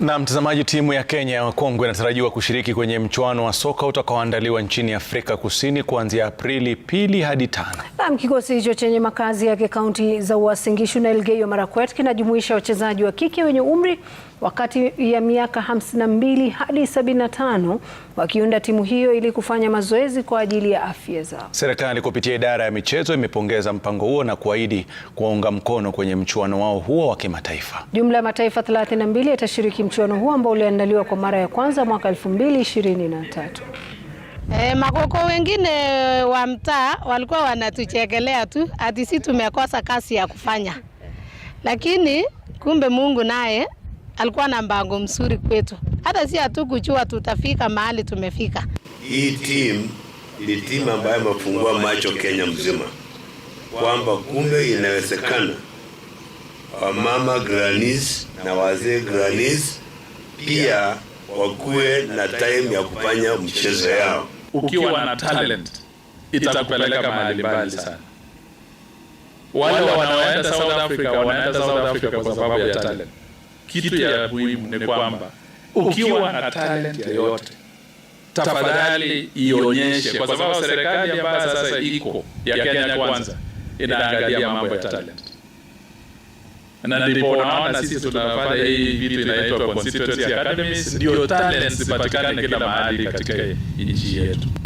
Na mtazamaji, timu ya Kenya ya wakongwe inatarajiwa kushiriki kwenye mchuano wa soka utakaoandaliwa nchini Afrika Kusini kuanzia Aprili pili hadi tano. Naam, kikosi hicho chenye makazi yake kaunti za Uasin Gishu na Elgeyo Marakwet kinajumuisha wachezaji wa kike wenye umri wa kati ya miaka 52 hadi 75 wakiunda timu hiyo ili kufanya mazoezi kwa ajili ya afya zao. Serikali kupitia idara ya michezo imepongeza mpango huo na kuahidi kuwaunga mkono kwenye mchuano wao huo wa kimataifa. Jumla ya mataifa 32 yatashiriki mchuano huo ambao uliandaliwa kwa mara ya kwanza mwaka 2023. E, makoko wengine wa mtaa walikuwa wanatuchekelea tu ati sisi tumekosa kasi ya kufanya, lakini kumbe Mungu naye alikuwa na mpango mzuri kwetu, hata si hatukujua tutafika mahali tumefika. Hii timu ni timu ambayo imefungua macho Kenya mzima kwamba kumbe inawezekana, wamama granis na wazee granis pia wakuwe na time ya kufanya mchezo yao. Ukiwa na talent itakupeleka mahali mbali sana. Wale wanaoenda South Africa wanaenda South Africa kwa sababu ya talent. Kitu ya muhimu ni kwamba ukiwa na talent yoyote tafadhali ionyeshe, kwa sababu serikali ambayo sasa iko ya Kenya Kwanza inaangalia mambo ya talent na ndipo unaona sisi tunafanya hii vitu inaitwa constituency academies, ndio talents zipatikane kila mahali katika nchi yetu.